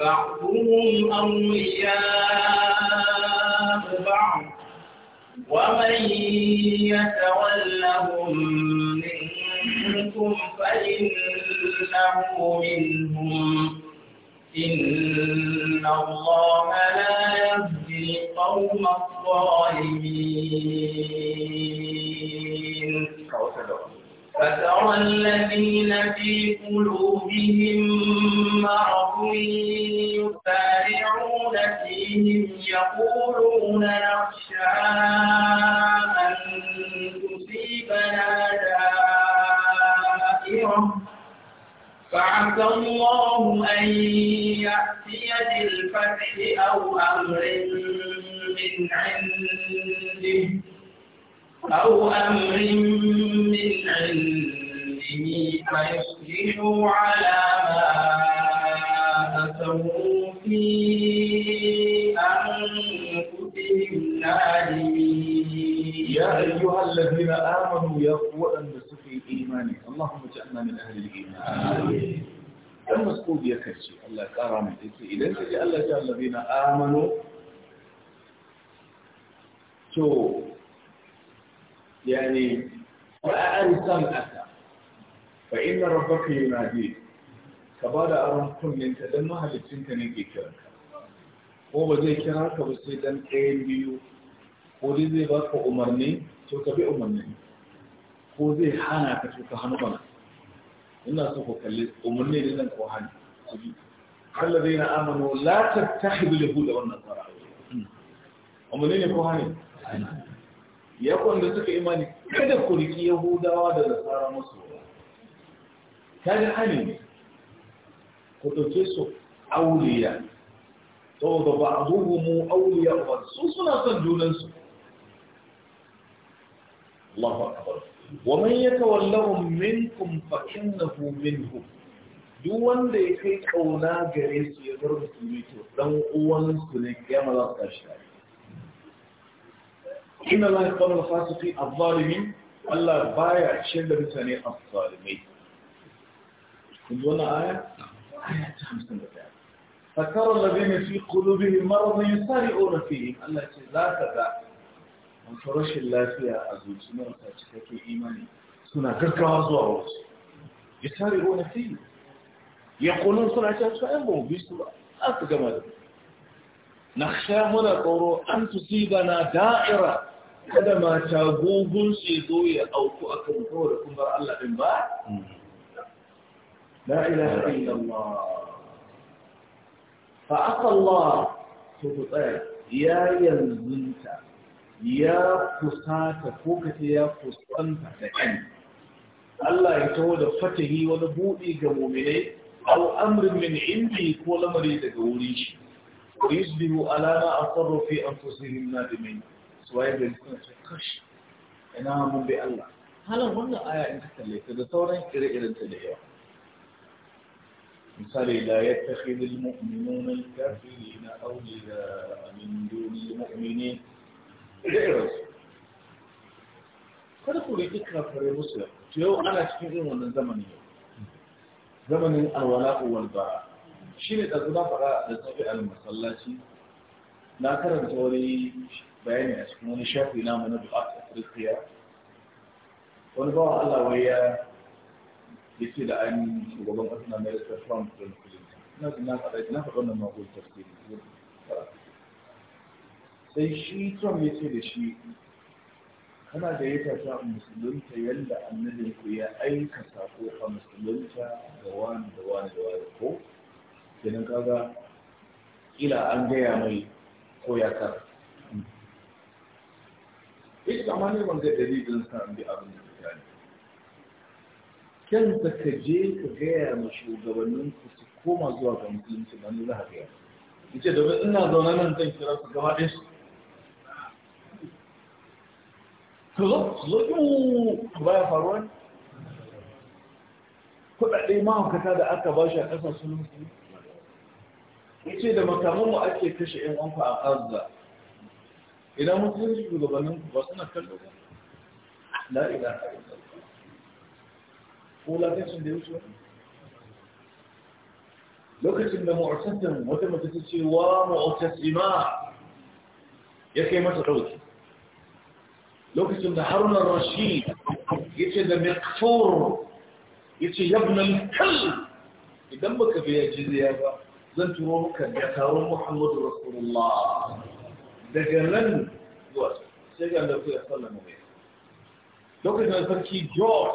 بعضهم أولياء بعض ومن يتولهم منكم فإنه منهم إن الله لا يهدي القوم الظالمين فترى الذين في قلوبهم مرض يسارعون فيهم يقولون نخشى أن تصيبنا دائرة فعسى الله أن يأتي بالفتح أو أمر من عنده أو أمر من عنده فيصبحوا على ما أسروا في أنفسهم نادمين يا أيها الذين آمنوا يقوى أنفسكم أن تسقي إيمانهم اللهم اجعلنا من أهل الإيمان المسؤول يكشي الله كرم إذا جعل الذين آمنوا تو يعني وأعن سمعك فإن ربك يناديك كبار أرم كل من تدمى لتنكني بكرك ko ba zai kira ka ba sai dan ɗayan biyu ko dai zai ko zai hana ka su ta hannu bana ina so ku kalli umarni ne nan ko hannu ku bi kallabi na amanu la tattahidu yahuda wannan tsara umarni ne ko hannu ya kwanda suka imani kada ku riki yahudawa da nasara musu ta ji hannu ne ku ɗauke su auliya saboda ba a zuhu mu auliya ba su suna son junansu Allah ba kabar wa man yatawallahum minkum fa innahu minhum duk wanda ya kai kauna gare su ya da su to dan uwan su ne kiyama za su tashi tare inna la yaqbalu al-fasiqi adh-dhalimin Allah baya ciyar da mutane a dhalimai kun ji wannan aya aya ta hamsin da 51 fakara alladhina fi qulubihim maradun yusari'una fihim Allah ce za ka ga ta rashin lafiya a zuci marasa cikakken imani suna gaggawa zuwa wasu ya tare wani fiye ya kunun suna ta tsayin ba mu bi su ba a su gama da na sha muna tsoro an tusiba na da'ira kada ma tagogun su zo ya auku a kan kawo da kumbar Allah ɗin ba? La ilaha illallah. Fa aka Allah su ku tsaya ya yanzunta ya kusata ko kace ya kusanta da kan Allah ya taho da fatahi wani buɗi ga muminai aw amrin min indi ko lamari daga wuri shi yusbihu ala ma asarru fi anfusihim nadimin suwaye da suka ce kashi ina mun bi Allah halan wannan aya in ka kalle ta da sauran ire-iren ta da yawa مثالي لا يتخذ المؤمنون الكافرين أولياء من دون المؤمنين da irinsu kada ku riƙi kafare musu yau ana cikin irin wannan zamanin yau zamanin alwala uwal ba shi ne ɗazu na faɗa da tafi al masallaci na karanta wani bayani a cikin wani shafi na mana da aka kirkiya wani bawa Allah wai ya ce da an shugaban ƙasar America Trump da Clinton na na faɗa ina faɗa wannan magul tafsiri sai shi son ya ce da shi kana da ya tafi musulunta yadda annabin ku ya aika sako a musulunta ga wani da wani da wani ko kenan kaga ila an gaya mai ko ya kara ita kama ne wanda dalilin sa an bi abin da ta gani kyanta ka je ka gaya ma shugabannin ku su koma zuwa ga musulunci wani za a gaya ita domin ina zaune nan zan kira su gaba ɗaya su zo su zo baya faruwa ne kuɗaɗe mahaukata da aka ba shi a ƙasar sun musulmi ya ce da makamanmu ake kashe ‘yan wanka a ƙazza idan musulunci shugabannin ba suna kallo ba la'ila ko lafiyarsun da ya wuce lokacin da mu'arsantan wata mace ta ce wa mu'arsantima ya kai masa ɗauki لوكس من هارون الرشيد يتي ذا مقفور يتي يبنى الكل إذن بك في الجزية زن تروبك يتارو محمد رسول الله دجلن جوز سيجعل لك يصلى مبين لوكس من فكي جورج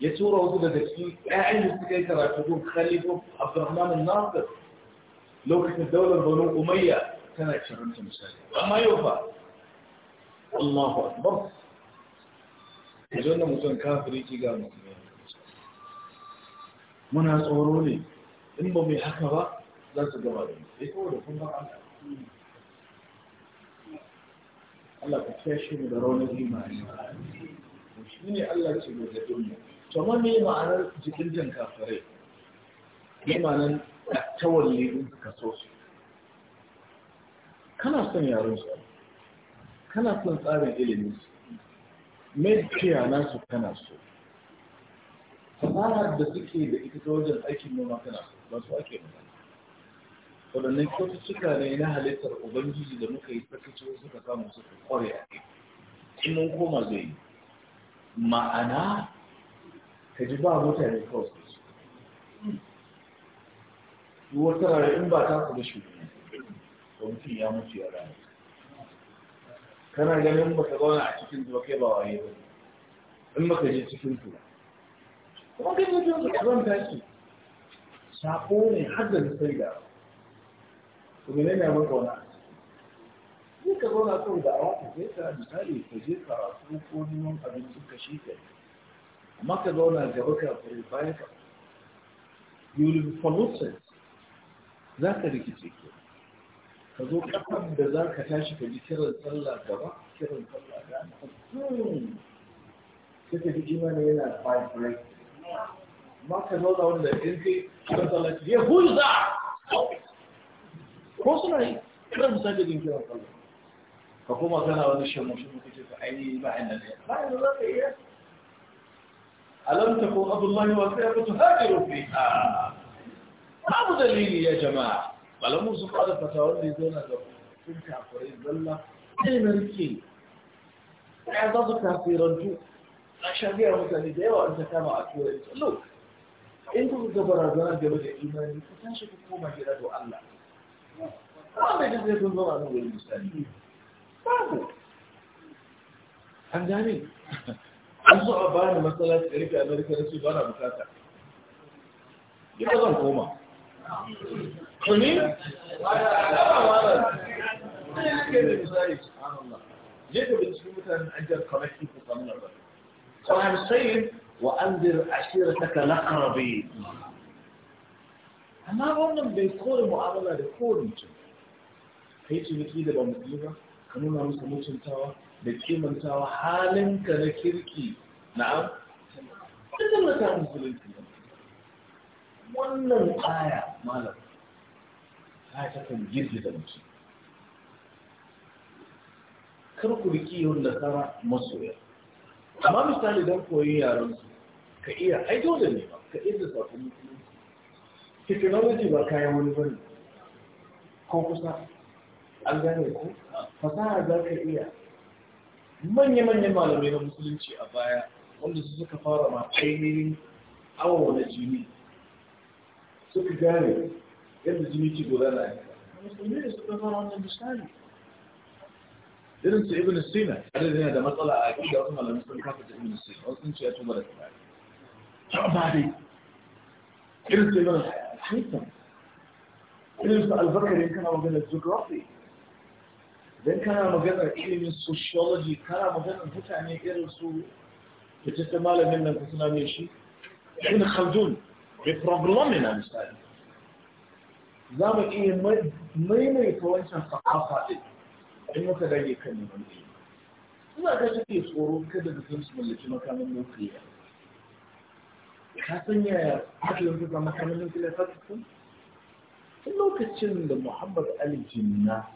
يتورا وزيلا دكسي أعلي سكيتا راتبون خليفة عبد الرحمن الناصر لوكس من دولة بنو أمية كانت شرمت مشاهدة أما يوفا Allahu akbar idan mutum kafiri ki ga muna tsoro ne in ba mai haka ba za su gaba da eh, sai kawai da kuma Allah Allah ka kashe mu da imani shi ne Allah ce mai zaɓin mu ma'anar jikin jan kafirai me ma'anar tawalli so su kana son yaron su kana son tsarin ilimi? su medicare nasu kana so fasahar da suke da ita ta wajen aikin noma kana so ba su ake magana waɗannan kyaututtuka ne na halittar ubangiji da muka yi wasu suka samu suka kware a kai in mun koma zai yi ma'ana ka ji ba mutane kawai su wata rari in ba ta kuma shi ba mutum ya mutu ya rana kana ganin ba ka zauna a cikin zuwa kai ba waye ba in ba ka je cikin su kuma kai ne zuwa ka zan tashi sako ne har da sai da ku ne ne mun kauna ne ka zauna kawai da awa ka je ka misali ka je karatu ko neman abinci ka shi ka amma ka zauna gaba ka fari bayan ka you will be for nonsense za ka rikice kenan ka zo kafan da za ka tashi ka ji kiran sallah gaba kiran sallah gaba sai ka ji imanin yana vibrate amma ka zauna wanda in kai kiran sallah ya hulza ko suna yi kiran sake jin kiran sallah ka koma kana wani shamu shamu kake ka aini ba inda ne ba inda za ka iya alam takun abdullahi wa sai ka tuhajiru fiha babu dalili ya jama'a malamin sun fara fata wanda ya zauna da sun kafirai zalla sai na rike ya za su kafirantu a shagiyar mutane da yawa an ta kama a turai look in kuka ga barazanar game da imani ku tashi ku koma gida da Allah wanda ya zai kun zama nan wani misali babu an gane an so a bani matsala ta rufe amerika da su ba na bukata gida zan koma قولي Jacob is written under collective economic. So I'm saying, وأنذر عشيرتك الأقربين. Amma wannan bai kore mu'amala da kowane mutum. Kai ciniki da ba musulmi ba, ka nuna musu mutuntawa da kimantawa halinka na kirki na'am. Ita mata musulunci wannan aya malam ta ta kan da musu kar ku riki yau da sara masoya amma misali don koyi yaran su ka iya aiki dole ne ba ka iya kuma technology ba kayan wani bane ko kusa an gane ku fasaha za ka iya manya-manyan malamai na musulunci a baya wanda su suka fara ma ainihin awa wani jini suka gane yadda jini ke gudana a musulmi da suka fara wannan misali irin su ibn sina har yana da matsala a aƙida wasu malamai sun kafa da ibn sina wasu sun ce ya tuba da tsari ba dai irin su ibn haitan irin su albarkar in kana magana geography idan kana magana ilimin sociology kana magana mutane irin su fitattun malamin nan ku suna mai shi ibn khaldun mai prognomina misali za mu iya maimaita wancan sa'afa ɗin in muka dage kan neman ilimi suna ga take tsoro kada da sun su mallaki makamin nukiliya ka san yaya aka yanzu ga makamin nukiliya ta tafi tun lokacin da muhammad ali jinna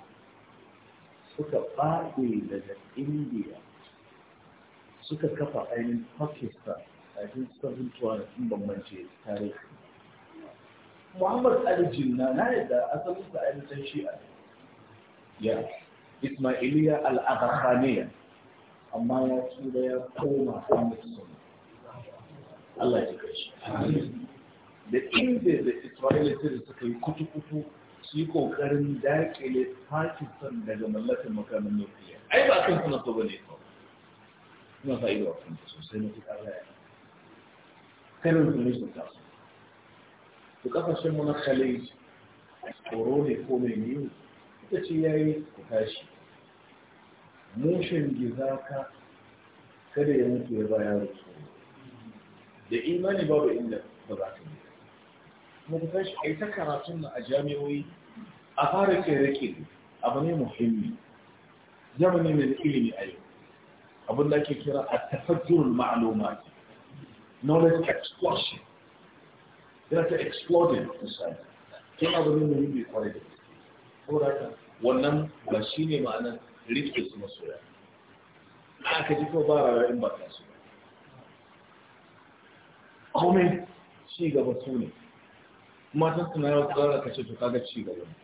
suka faɗe daga indiya suka kafa ainihin pakistan kafin sabbin tuwa da sun bambance tare muhammad ali jinna na yadda asalin sa ainihin shi'a ya ismailiya al amma ya tura ya koma hannun sunna Allah ya kai kashi da inda da isra'ila sai da suka yi kutu-kutu su yi kokarin daƙile pakistan daga mallakar makamin nukiliya ai ba kan suna so ba ne kawai suna fa'ido a kan sosai na fi ƙarfi kada musulmi sun taso to kafashin mu na tsoro ne ko mai ita ce ya yi ku tashi mushin gizaka kada ya mutu ya baya da tsoro da imani babu inda ba za ta yi kuma ku tashi a yi ta karatun na a jami'o'i a fara kere-kere abu ne muhimmi zamani ne da ilimi a yau abin da ake kira a tafajjurul ma'alumati knowledge explosion. Yana ta exploding inside. Tun abu ne mai yi kwarai da gaske. Saboda haka wannan ba shi ne ma'anar rike su masoya. Aka ji ko ba rayuwa in ba ta su aume Komai ci gaba su ne. Matan suna yawan tsara kace to kaga ci gaba ne.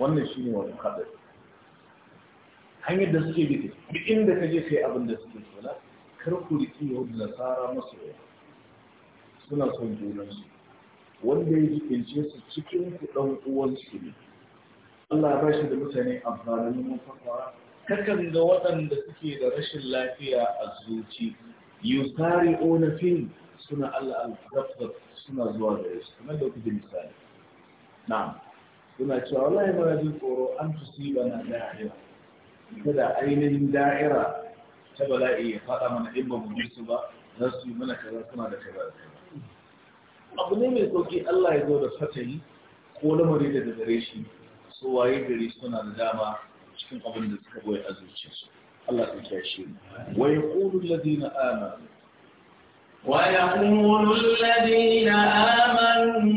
Wannan shi ne wani hadari. Hanyar da suke bi duk inda ka je kai abin da suke so kar ku riki yau da nasara masoya suna son junansu wanda ya jikince su cikin ku ɗan uwansu ne Allah ba shi da mutane a zalimin mafaka kakan ga waɗanda suke da rashin lafiya a zuci yusari ona fin suna Allah al-gafar suna zuwa da yasu kamar da kuke misali na'am suna cewa wallahi mara jin tsoro an tusiba na da'ira kada ainihin da'ira ta bala'i ya faɗa mana in ba mu su ba za su yi mana kaza suna da kaza abu ne mai sauki Allah ya zo da fatayi ko lamari da dare shi so waye gari suna da dama cikin abin da suka goyi a zuciyarsu Allah ya kyashe mu wa yaqulu alladhina amanu ويقول الذين آمنوا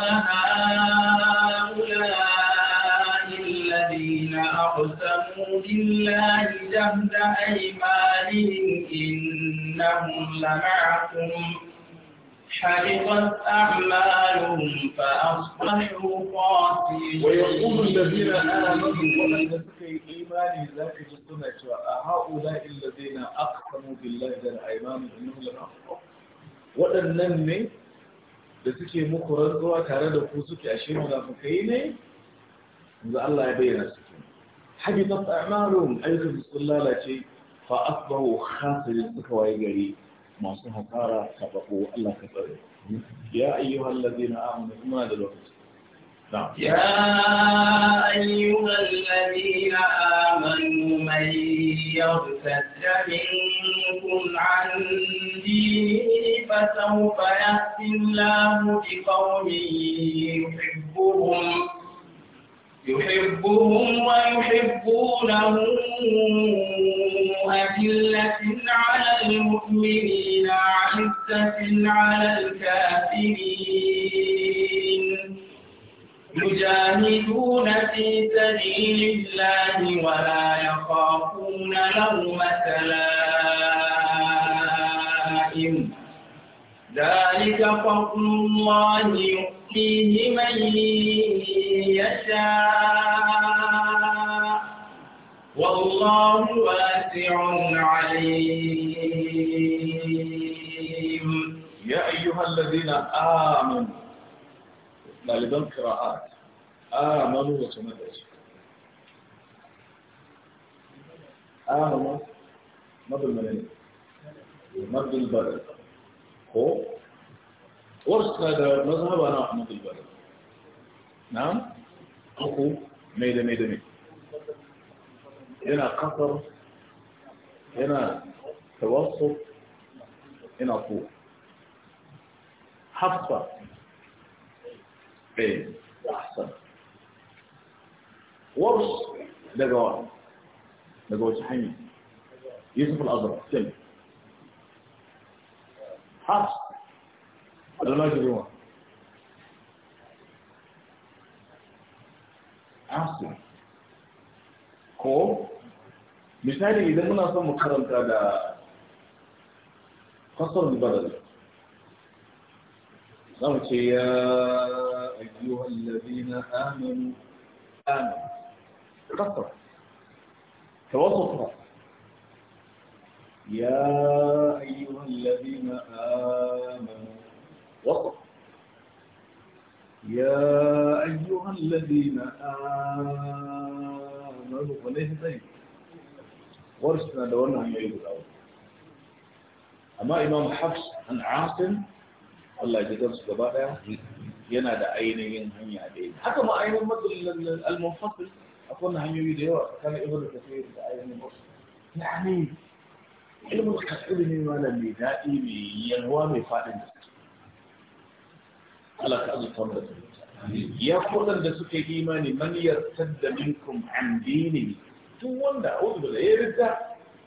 أهؤلاء وأقسموا بالله جهد أيمانهم إنهم لمعكم حبطت أعمالهم فأصبحوا خاسرين ويقول الذين آمنوا ومن سكي إيماني ذاك السنة هؤلاء الذين أقسموا بالله جهد أيمانهم إنهم لمعكم waɗannan ne da suke muku rantsuwa tare da ku suke ashe munafukai ne yanzu Allah ya bayyana su حبطت أعمالهم أيضا شيء فأصبحوا خاسر سكوى يجري ما صح كارا كبقوا الله كفر يا أيها الذين آمنوا ما دلوك نعم يا أيها الذين آمنوا من يرتد منكم عن دينه فسوف يأتي الله بقوم يحبهم يحبهم ويحبونه أذلة على المؤمنين عزة على الكافرين يجاهدون في سبيل الله ولا يخافون لومة لائم ذلك فضل الله يؤمن يؤتيه من يشاء والله واسع عليم يا أيها الذين آمنوا لذن قراءات آمنوا وتمدجوا آمنوا مضى المنين مضى البلد هو هذا مذهب أنا أحمد البلد نعم أخو ميدا ميدا ميدا هنا قصر هنا توسط هنا طول حفصة ايه احسن ورش ده جواب ده جواب يوسف الازرق كلمه حفص almajirin wa asim ko misali idan muna son mu karanta da fasar badal za mu ce ya ayyuhal ladina amanu amanu kasar توسطها يا أيها الذين آمنوا وقف يا ايها الذين امنوا عليه طيب ورسنا دونا من يقول او اما امام حفص عن عاصم الله يجزاه سبابا ينا أين عينين هنيا حتى ما أين مثل المنفصل اكون هنيو ديوا كان ابن كثير دا عين مصر يعني علم الكسب من المال اللي دائم Allah ka azurta mu da su ya kodan da suka yi imani man da minkum an dini duk wanda a'udhu da ya ridda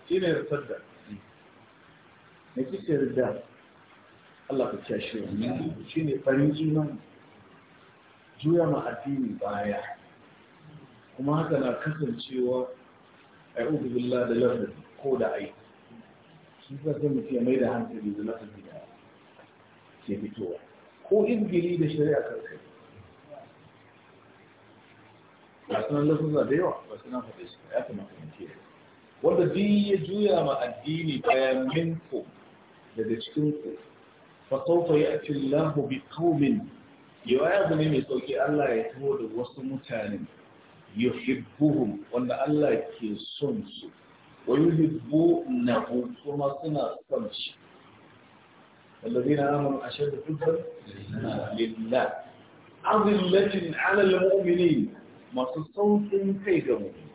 shine yartadda me kike ridda Allah ka kiyaye shi shine farin imani juya ma addini baya kuma haka na kasancewa a yi a'udhu billahi da lafzi ko da aiki sun zai mutum ya mai da hankali da lafzi da ke fitowa ko izgili da shari'a karkai ba su nan lafuzza da yawa ba su nan faɗe su ya fi makamanci wanda duk ya juya ma addini bayan minku daga cikin ku fa sawfa ya'ti Allahu bi qaumin yawa ne mai sauki Allah ya taho da wasu mutanen yuhibbuhum wanda Allah ke son su wa yuhibbunahu kuma suna son shi الذين آمنوا أشد حبا لله أذلة على المؤمنين ما تصوم كيف مؤمنين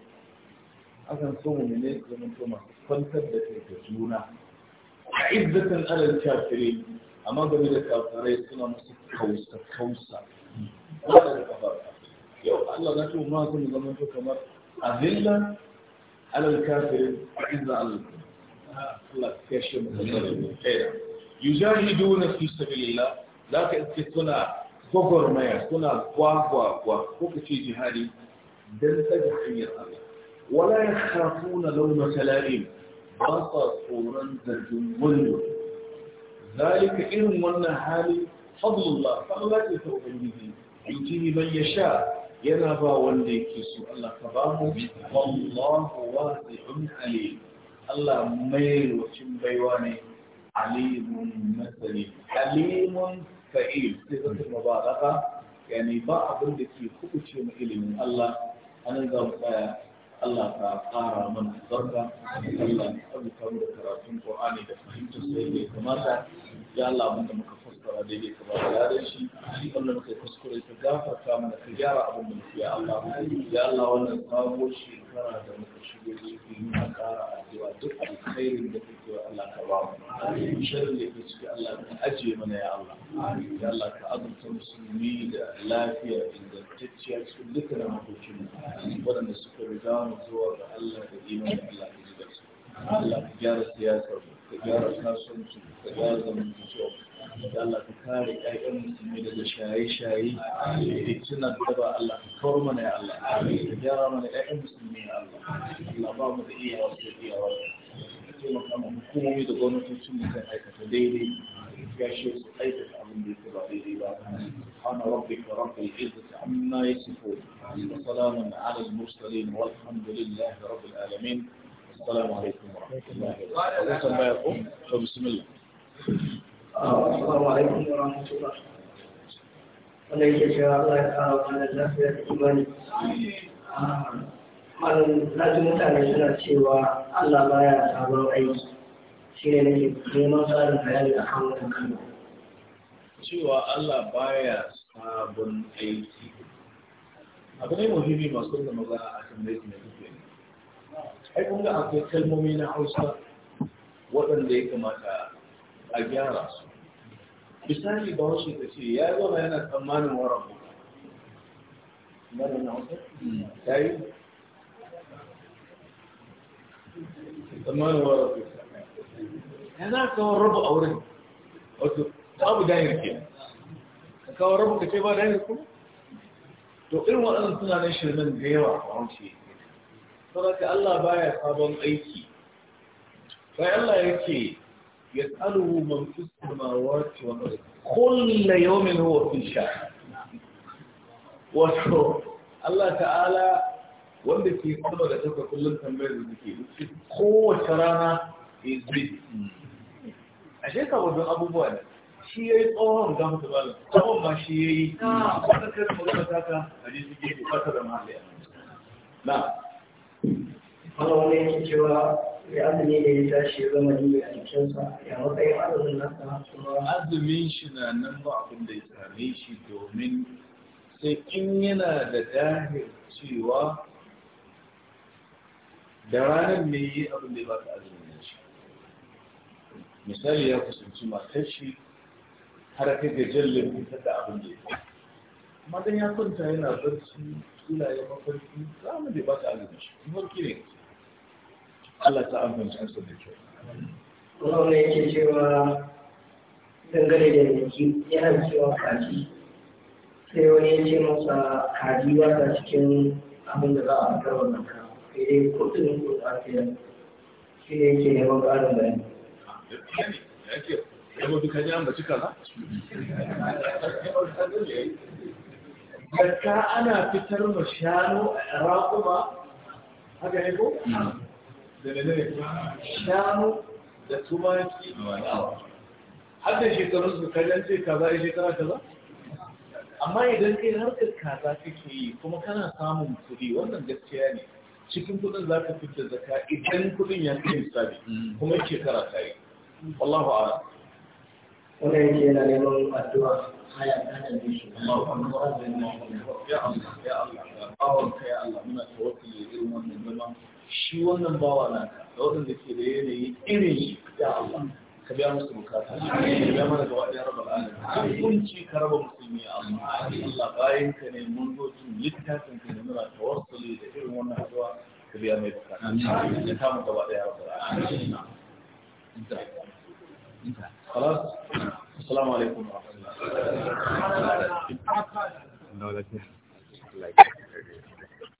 أذن إيه؟ صوم من يسلم ثم تنتب لكي تجونا عزة على الكافرين أما قبل الكافرين سنة مصد كوسة كوسة ولا الكفر يو الله نتو ما كنا زمن تو أذلة على الكافرين وعزة على الكافرين الله كشم الله خير yujahiduna fi sabilillah zaka iske suna gwagwarmaya suna gwagwagwa ko kace jihadi dan tsaga hanyar Allah wala yakhafuna lawma talalim ba sa tsoron zargin wani zalika irin wannan hali fadlullah fadlullah ce ta ubangiji yujihi man yasha yana ba wanda yake so Allah ka ba mu wallahu wasi'un alim Allah mai baiwa ne عليم مثلي عليم فعيل صفة المباركة يعني بعض اللي في خبش من علم الله أنا إذا Allah ka ƙara mana albarka, Allah ka ɗauka mu da karatun Qur'ani da fahimtar sai ya kamata, ya Allah abinda muka faɗa daidai ka ba da yaran shi wannan muka kuskure ka gafarta mana ka gyara abin da muke ya Allah ya Allah wannan sabo shekara da muka shigo ciki muna ƙara addu'a duk alkhairin da kake wa Allah ka ba mu sharrin da ke ciki Allah ka ajiye mana ya Allah ya Allah ka azurta musulmi da lafiya ingantacciya cikin dukkanin makokin mu waɗanda suka riga mu zuwa ga Allah da imani Allah ka ji da su Allah ka gyara siyasar ka gyara kasuwanci ka gyara zamantakewa Allah ka kare ƴaƴan musulmi daga shaye-shaye fitinan daba Allah ka kawar mana ya Allah ka gyara mana ƴaƴan musulmi ya Allah Allah ba mu da iya wasu iyawa ka taimaka mu hukumomi da gwamnatocin mu kan aikata daidai ya shi su aikata abin da yake ba daidai ba سبحان ربك رب العزة عما يصفون وسلام على المرسلين والحمد لله رب العالمين السلام عليكم ورحمة الله وبركاته بسم الله Assalamu da ah, mutane suna cewa Allah baya sabon aiki. Shi ne neman tsarin bayani a kan Cewa Allah baya sabon aiki. Abu ne muhimmi masu da maza a kan da Ai kun ga akwai kalmomi na Hausa waɗanda ya kamata a gyara su. misali ba wasu ta ce ya zama yana tsammanin waran ta yi tsammanin waran ya za ka kawo rabu a wurin wato babu dayin ke ka kawo rabu ka ce ba dayin kuma to irin waɗannan tunanin shirmen da yawa a wuce saboda Allah baya sabon aiki sai Allah ya ce يسأله من في السماوات والأرض كل يوم هو في شأن wato Allah ta'ala wanda ke kuma da taka kullum tambayar da suke kowace rana is big a shekaru don abubuwa ne shi ya yi tsohon ga mutu ba tsohon ma shi ya yi wata kai da magana taka a jin suke kwasa da mahaliya na wani yake cewa ya azumi da ya tashi ya zama ne a jikinsa ya matsayin azumin nasa azumin shi na nan ba abin da ya same shi domin sai in yana da dahil cewa da ranar ne yi abin da ya ba ta azumin shi misali ya kusanci matar shi har kai ga jallin fitar da abin da ya ba amma dan ya kwanta yana barci kila ya mafarki za mu da ba ta azumin shi mafarki ne Allah ta amfani amfanci su da kyau kuma wani yake cewa dangane da yanki yana cewa kaji sai wani ya ce masa kaji ba ta cikin abin da za a fitar wannan kawo sai dai kudin kudin asiya shi ne yake neman ƙarin bayani yabo duka kaji an baci kaza? Gaska ana fitar ma shanu a raƙuma haka ne ko? Hmm. shanu da tumaki har da shekarun su kajan ce kaza ya shekara kaza amma idan kai harkar kaza kake yi kuma kana samun kuɗi wannan gaskiya ne cikin kuɗin za ka fita zaka idan kuɗin ya kai misali kuma shekara ta yi wallahu a'lam wannan yake yana neman addu'a haya ta da shi ya Allah ya Allah ya Allah muna tawakkali irin wannan zama shi wannan bawa na da waɗanda ke da yanayi irin shi ya Allah ka biya musu bukata ka biya mana gaba ɗaya rabar alamin kunci ka raba musulmi a Allah bayan ka ne mun zo cin littafin ka ne muna da irin wannan addu'a ka mai bukata kama gaba ɗaya rabar